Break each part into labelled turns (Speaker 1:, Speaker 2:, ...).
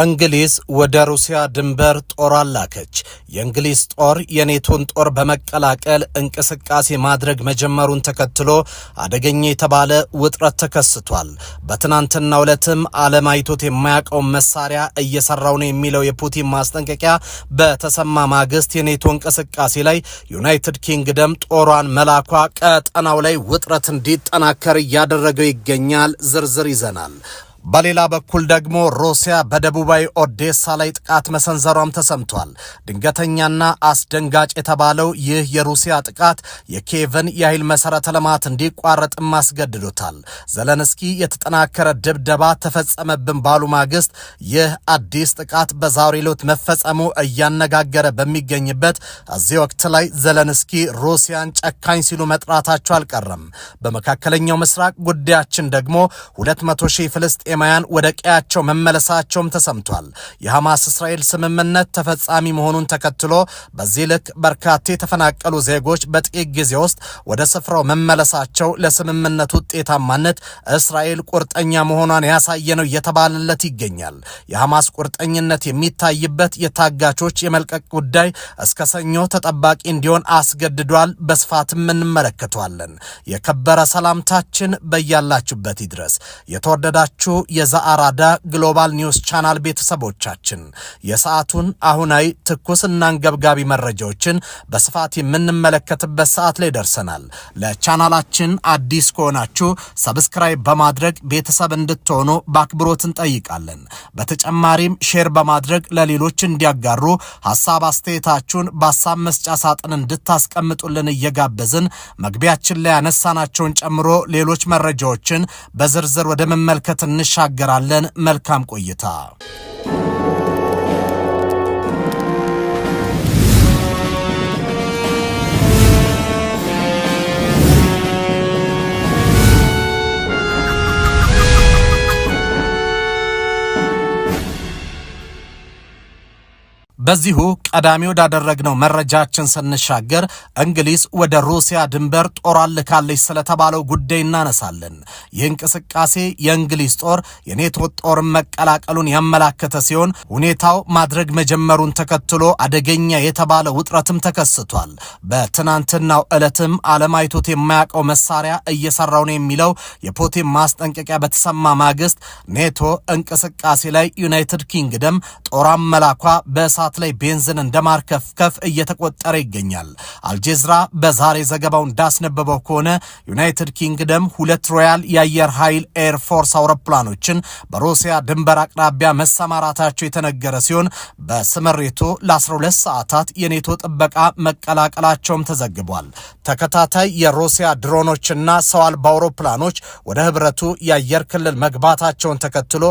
Speaker 1: እንግሊዝ ወደ ሩሲያ ድንበር ጦር አላከች። የእንግሊዝ ጦር የኔቶን ጦር በመቀላቀል እንቅስቃሴ ማድረግ መጀመሩን ተከትሎ አደገኛ የተባለ ውጥረት ተከስቷል። በትናንትናው ዕለትም ዓለም አይቶት የማያውቀውን መሳሪያ እየሰራው ነው የሚለው የፑቲን ማስጠንቀቂያ በተሰማ ማግስት የኔቶ እንቅስቃሴ ላይ ዩናይትድ ኪንግደም ጦሯን መላኳ ቀጠናው ላይ ውጥረት እንዲጠናከር እያደረገው ይገኛል። ዝርዝር ይዘናል። በሌላ በኩል ደግሞ ሩሲያ በደቡባዊ ኦዴሳ ላይ ጥቃት መሰንዘሯም ተሰምቷል። ድንገተኛና አስደንጋጭ የተባለው ይህ የሩሲያ ጥቃት የኪየቭን የኃይል መሰረተ ልማት እንዲቋረጥም አስገድዶታል። ዘለንስኪ የተጠናከረ ድብደባ ተፈጸመብን ባሉ ማግስት ይህ አዲስ ጥቃት በዛሬ ዕለት መፈጸሙ እያነጋገረ በሚገኝበት እዚህ ወቅት ላይ ዘለንስኪ ሩሲያን ጨካኝ ሲሉ መጥራታቸው አልቀረም። በመካከለኛው ምስራቅ ጉዳያችን ደግሞ 200 ሺህ ፍልስጤ ፍልስጤማውያን ወደ ቀያቸው መመለሳቸውም ተሰምቷል። የሐማስ እስራኤል ስምምነት ተፈጻሚ መሆኑን ተከትሎ በዚህ ልክ በርካታ የተፈናቀሉ ዜጎች በጥቂት ጊዜ ውስጥ ወደ ስፍራው መመለሳቸው ለስምምነት ውጤታማነት እስራኤል ቁርጠኛ መሆኗን ያሳየ ነው እየተባለለት ይገኛል። የሐማስ ቁርጠኝነት የሚታይበት የታጋቾች የመልቀቅ ጉዳይ እስከ ሰኞ ተጠባቂ እንዲሆን አስገድዷል። በስፋትም እንመለከተዋለን። የከበረ ሰላምታችን በያላችሁበት ይድረስ የተወደዳችሁ የዘአራዳ ግሎባል ኒውስ ቻናል ቤተሰቦቻችን የሰዓቱን አሁናዊ ትኩስና አንገብጋቢ መረጃዎችን በስፋት የምንመለከትበት ሰዓት ላይ ደርሰናል። ለቻናላችን አዲስ ከሆናችሁ ሰብስክራይብ በማድረግ ቤተሰብ እንድትሆኑ በአክብሮት እንጠይቃለን። በተጨማሪም ሼር በማድረግ ለሌሎች እንዲያጋሩ ሀሳብ አስተያየታችሁን በሀሳብ መስጫ ሳጥን እንድታስቀምጡልን እየጋበዝን መግቢያችን ላይ ያነሳናቸውን ጨምሮ ሌሎች መረጃዎችን በዝርዝር ወደ መመልከት እንሻል እንሻገራለን። መልካም ቆይታ በዚሁ ቀዳሚ ወዳደረግነው መረጃችን ስንሻገር እንግሊዝ ወደ ሩሲያ ድንበር ጦር አልካለች ስለተባለው ጉዳይ እናነሳለን። ይህ እንቅስቃሴ የእንግሊዝ ጦር የኔቶ ጦርን መቀላቀሉን ያመላከተ ሲሆን ሁኔታው ማድረግ መጀመሩን ተከትሎ አደገኛ የተባለ ውጥረትም ተከስቷል። በትናንትናው ዕለትም ዓለም አይቶት የማያውቀው መሳሪያ እየሰራው ነው የሚለው የፑቲን ማስጠንቀቂያ በተሰማ ማግስት ኔቶ እንቅስቃሴ ላይ ዩናይትድ ኪንግደም ጦር አመላኳ በእሳት ላይ ቤንዝን እንደ እየተቆጠረ ይገኛል። አልጄዝራ በዛሬ ዘገባው እንዳስነበበው ከሆነ ዩናይትድ ኪንግደም ሁለት ሮያል የአየር ኃይል ኤርፎርስ አውሮፕላኖችን በሩሲያ ድንበር አቅራቢያ መሰማራታቸው የተነገረ ሲሆን በስምሪቱ ለ12 ሰዓታት የኔቶ ጥበቃ መቀላቀላቸውም ተዘግቧል። ተከታታይ የሩሲያ ድሮኖችና ሰው አልባ አውሮፕላኖች ወደ ህብረቱ የአየር ክልል መግባታቸውን ተከትሎ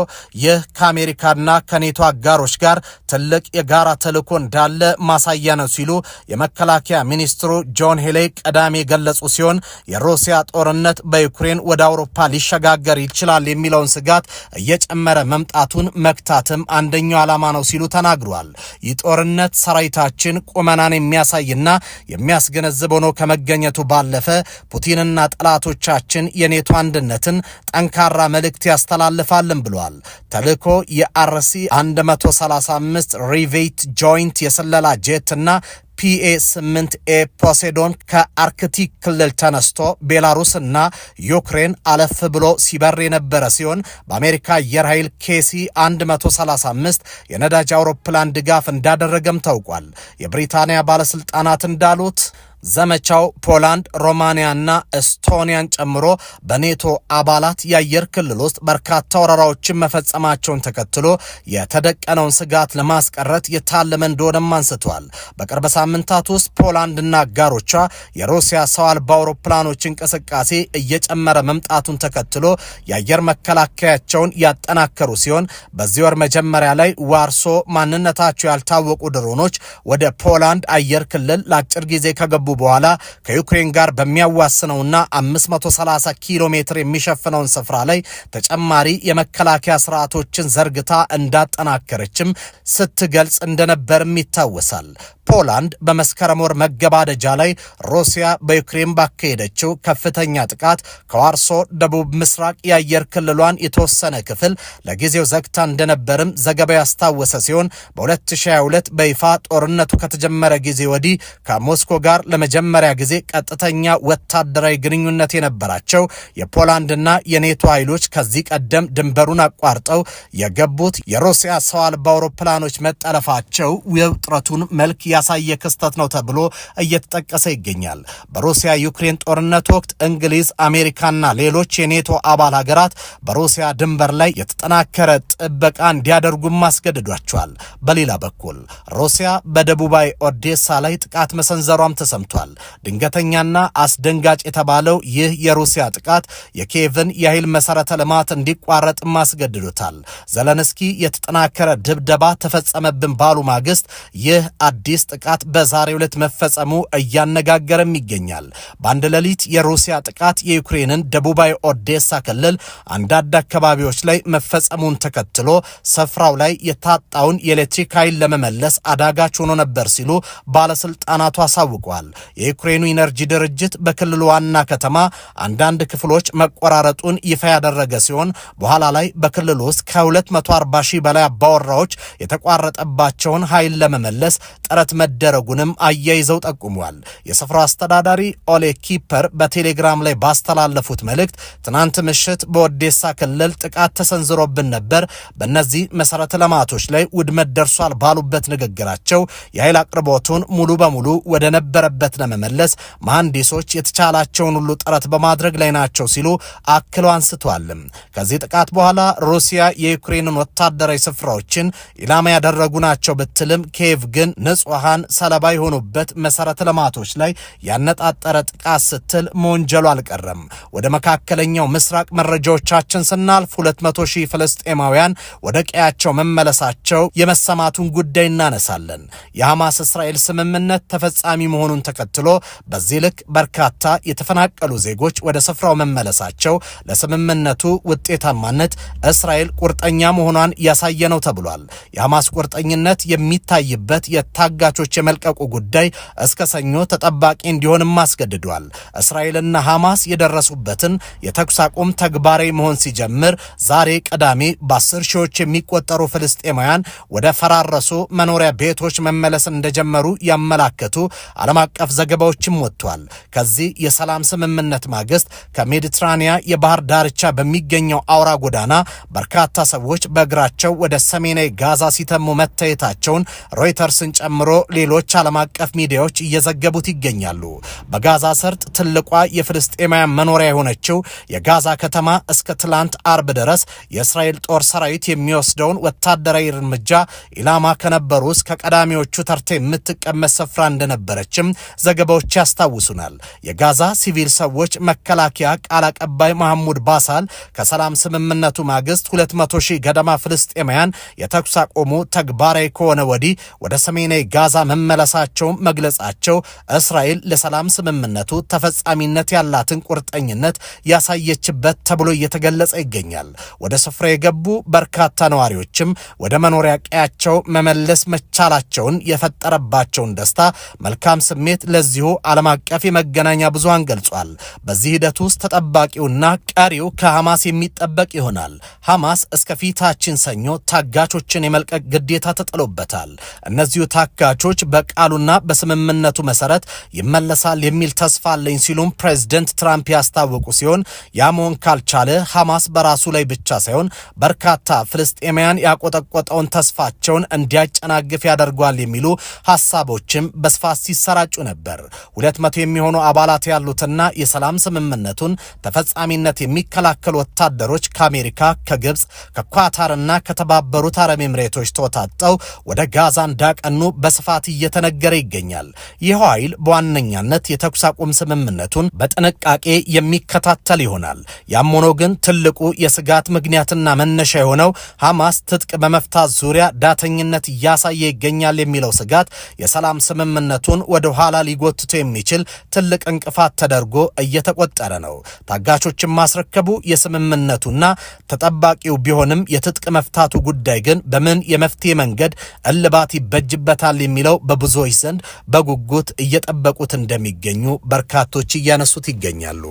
Speaker 1: ይህ ከአሜሪካና ከኔቶ አጋሮች ጋር ትልቅ የጋራ ተልእኮ እንዳለ ማሳያ ነው ሲሉ የመከላከያ ሚኒስትሩ ጆን ሄሌ ቀዳሚ የገለጹ ሲሆን የሩሲያ ጦርነት በዩክሬን ወደ አውሮፓ ሊሸጋገር ይችላል የሚለውን ስጋት እየጨመረ መምጣቱን መክታትም አንደኛው ዓላማ ነው ሲሉ ተናግሯል። ይህ ጦርነት ሰራዊታችን ቁመናን የሚያሳይና የሚያስገነዝብ ሆኖ ከመገኘቱ ባለፈ ፑቲንና ጠላቶቻችን የኔቶ አንድነትን ጠንካራ መልእክት ያስተላልፋልን ብሏል። ተልእኮ የአርሲ 135 ሪቬት ጆይንት የስለላ ጄት እና ፒኤ 8 ኤ ፖሴዶን ከአርክቲክ ክልል ተነስቶ ቤላሩስ እና ዩክሬን አለፍ ብሎ ሲበር የነበረ ሲሆን በአሜሪካ አየር ኃይል ኬሲ 135 የነዳጅ አውሮፕላን ድጋፍ እንዳደረገም ታውቋል። የብሪታንያ ባለስልጣናት እንዳሉት ዘመቻው ፖላንድ፣ ሮማንያና ኤስቶኒያን ጨምሮ በኔቶ አባላት የአየር ክልል ውስጥ በርካታ ወረራዎችን መፈጸማቸውን ተከትሎ የተደቀነውን ስጋት ለማስቀረት የታለመ እንደሆነም አንስተዋል። በቅርብ ሳምንታት ውስጥ ፖላንድና አጋሮቿ የሩሲያ ሰው አልባ አውሮፕላኖች እንቅስቃሴ እየጨመረ መምጣቱን ተከትሎ የአየር መከላከያቸውን ያጠናከሩ ሲሆን በዚህ ወር መጀመሪያ ላይ ዋርሶ ማንነታቸው ያልታወቁ ድሮኖች ወደ ፖላንድ አየር ክልል ለአጭር ጊዜ ከገቡ በኋላ ከዩክሬን ጋር በሚያዋስነውና 530 ኪሎ ሜትር የሚሸፍነውን ስፍራ ላይ ተጨማሪ የመከላከያ ስርዓቶችን ዘርግታ እንዳጠናከረችም ስትገልጽ እንደነበርም ይታወሳል። ፖላንድ በመስከረም ወር መገባደጃ ላይ ሩሲያ በዩክሬን ባካሄደችው ከፍተኛ ጥቃት ከዋርሶ ደቡብ ምስራቅ የአየር ክልሏን የተወሰነ ክፍል ለጊዜው ዘግታ እንደነበርም ዘገባው ያስታወሰ ሲሆን በ2022 በይፋ ጦርነቱ ከተጀመረ ጊዜ ወዲህ ከሞስኮ ጋር ለመጀመሪያ ጊዜ ቀጥተኛ ወታደራዊ ግንኙነት የነበራቸው የፖላንድና የኔቶ ኃይሎች ከዚህ ቀደም ድንበሩን አቋርጠው የገቡት የሩሲያ ሰው አልባ አውሮፕላኖች መጠለፋቸው የውጥረቱን መልክ ያሳየ ክስተት ነው ተብሎ እየተጠቀሰ ይገኛል። በሩሲያ ዩክሬን ጦርነት ወቅት እንግሊዝ፣ አሜሪካና ሌሎች የኔቶ አባል ሀገራት በሩሲያ ድንበር ላይ የተጠናከረ ጥበቃ እንዲያደርጉም አስገድዷቸዋል። በሌላ በኩል ሩሲያ በደቡባዊ ኦዴሳ ላይ ጥቃት መሰንዘሯም ተሰምቷል። ተሰምቷል። ድንገተኛና አስደንጋጭ የተባለው ይህ የሩሲያ ጥቃት የኪየቭን የኃይል መሠረተ ልማት እንዲቋረጥም አስገድዶታል። ዘለንስኪ የተጠናከረ ድብደባ ተፈጸመብን ባሉ ማግስት ይህ አዲስ ጥቃት በዛሬው ዕለት መፈጸሙ እያነጋገረም ይገኛል። በአንድ ሌሊት የሩሲያ ጥቃት የዩክሬንን ደቡባዊ ኦዴሳ ክልል አንዳንድ አካባቢዎች ላይ መፈጸሙን ተከትሎ ስፍራው ላይ የታጣውን የኤሌክትሪክ ኃይል ለመመለስ አዳጋች ሆኖ ነበር ሲሉ ባለስልጣናቱ አሳውቀዋል። የዩክሬኑ ኢነርጂ ድርጅት በክልሉ ዋና ከተማ አንዳንድ ክፍሎች መቆራረጡን ይፋ ያደረገ ሲሆን በኋላ ላይ በክልሉ ውስጥ ከ240 ሺህ በላይ አባወራዎች የተቋረጠባቸውን ኃይል ለመመለስ ጥረት መደረጉንም አያይዘው ጠቁመዋል። የስፍራው አስተዳዳሪ ኦሌ ኪፐር በቴሌግራም ላይ ባስተላለፉት መልእክት ትናንት ምሽት በኦዴሳ ክልል ጥቃት ተሰንዝሮብን ነበር፣ በእነዚህ መሰረተ ልማቶች ላይ ውድመት ደርሷል ባሉበት ንግግራቸው የኃይል አቅርቦቱን ሙሉ በሙሉ ወደ ነበረበት ጦርነት ለመመለስ መሐንዲሶች የተቻላቸውን ሁሉ ጥረት በማድረግ ላይ ናቸው ሲሉ አክሎ አንስቷል። ከዚህ ጥቃት በኋላ ሩሲያ የዩክሬንን ወታደራዊ ስፍራዎችን ኢላማ ያደረጉ ናቸው ብትልም ኬቭ ግን ንጹሐን ሰለባ የሆኑበት መሰረተ ልማቶች ላይ ያነጣጠረ ጥቃት ስትል መወንጀሉ አልቀረም። ወደ መካከለኛው ምስራቅ መረጃዎቻችን ስናልፍ 200 ሺህ ፍልስጤማውያን ወደ ቀያቸው መመለሳቸው የመሰማቱን ጉዳይ እናነሳለን። የሐማስ እስራኤል ስምምነት ተፈጻሚ መሆኑን ተከትሎ በዚህ ልክ በርካታ የተፈናቀሉ ዜጎች ወደ ስፍራው መመለሳቸው ለስምምነቱ ውጤታማነት እስራኤል ቁርጠኛ መሆኗን ያሳየ ነው ተብሏል። የሐማስ ቁርጠኝነት የሚታይበት የታጋቾች የመልቀቁ ጉዳይ እስከ ሰኞ ተጠባቂ እንዲሆንም አስገድዷል። እስራኤልና ሐማስ የደረሱበትን የተኩስ አቁም ተግባራዊ መሆን ሲጀምር ዛሬ ቅዳሜ በአስር ሺዎች የሚቆጠሩ ፍልስጤማውያን ወደ ፈራረሱ መኖሪያ ቤቶች መመለስ እንደጀመሩ ያመላከቱ ዓለም አቀፍ አቀፍ ዘገባዎችም ወጥቷል። ከዚህ የሰላም ስምምነት ማግስት ከሜዲትራኒያ የባህር ዳርቻ በሚገኘው አውራ ጎዳና በርካታ ሰዎች በእግራቸው ወደ ሰሜናዊ ጋዛ ሲተሙ መታየታቸውን ሮይተርስን ጨምሮ ሌሎች ዓለም አቀፍ ሚዲያዎች እየዘገቡት ይገኛሉ። በጋዛ ሰርጥ ትልቋ የፍልስጤማውያን መኖሪያ የሆነችው የጋዛ ከተማ እስከ ትላንት አርብ ድረስ የእስራኤል ጦር ሰራዊት የሚወስደውን ወታደራዊ እርምጃ ኢላማ ከነበሩ ውስጥ ከቀዳሚዎቹ ተርታ የምትቀመጥ ስፍራ እንደነበረችም ዘገባዎች ያስታውሱናል። የጋዛ ሲቪል ሰዎች መከላከያ ቃል አቀባይ መሐሙድ ባሳል ከሰላም ስምምነቱ ማግስት 200 ሺህ ገደማ ፍልስጤማውያን የተኩስ አቆሙ ተግባራዊ ከሆነ ወዲህ ወደ ሰሜናዊ ጋዛ መመለሳቸውን መግለጻቸው እስራኤል ለሰላም ስምምነቱ ተፈጻሚነት ያላትን ቁርጠኝነት ያሳየችበት ተብሎ እየተገለጸ ይገኛል። ወደ ስፍራ የገቡ በርካታ ነዋሪዎችም ወደ መኖሪያ ቀያቸው መመለስ መቻላቸውን የፈጠረባቸውን ደስታ መልካም ስሜት አስተያየት ለዚሁ ዓለም አቀፍ የመገናኛ ብዙሃን ገልጿል። በዚህ ሂደት ውስጥ ተጠባቂውና ቀሪው ከሐማስ የሚጠበቅ ይሆናል። ሐማስ እስከ ፊታችን ሰኞ ታጋቾችን የመልቀቅ ግዴታ ተጥሎበታል። እነዚሁ ታጋቾች በቃሉና በስምምነቱ መሰረት ይመለሳል የሚል ተስፋ አለኝ ሲሉም ፕሬዚደንት ትራምፕ ያስታወቁ ሲሆን ያ መሆን ካልቻለ ሐማስ በራሱ ላይ ብቻ ሳይሆን በርካታ ፍልስጤማያን ያቆጠቆጠውን ተስፋቸውን እንዲያጨናግፍ ያደርጓል የሚሉ ሀሳቦችም በስፋት ሲሰራጩ ነበር። ነበር። ሁለት መቶ የሚሆኑ አባላት ያሉትና የሰላም ስምምነቱን ተፈጻሚነት የሚከላከሉ ወታደሮች ከአሜሪካ፣ ከግብፅ፣ ከኳታርና ከተባበሩት አረብ ኤምሬቶች ተወታጠው ወደ ጋዛ እንዳቀኑ በስፋት እየተነገረ ይገኛል። ይህ ኃይል በዋነኛነት የተኩስ አቁም ስምምነቱን በጥንቃቄ የሚከታተል ይሆናል። ያም ሆኖ ግን ትልቁ የስጋት ምክንያትና መነሻ የሆነው ሐማስ ትጥቅ በመፍታት ዙሪያ ዳተኝነት እያሳየ ይገኛል የሚለው ስጋት የሰላም ስምምነቱን ወደ ኋላ ሊጎትቶ የሚችል ትልቅ እንቅፋት ተደርጎ እየተቆጠረ ነው። ታጋቾችን ማስረከቡ የስምምነቱና ተጠባቂው ቢሆንም የትጥቅ መፍታቱ ጉዳይ ግን በምን የመፍትሄ መንገድ እልባት ይበጅበታል የሚለው በብዙዎች ዘንድ በጉጉት እየጠበቁት እንደሚገኙ በርካቶች እያነሱት ይገኛሉ።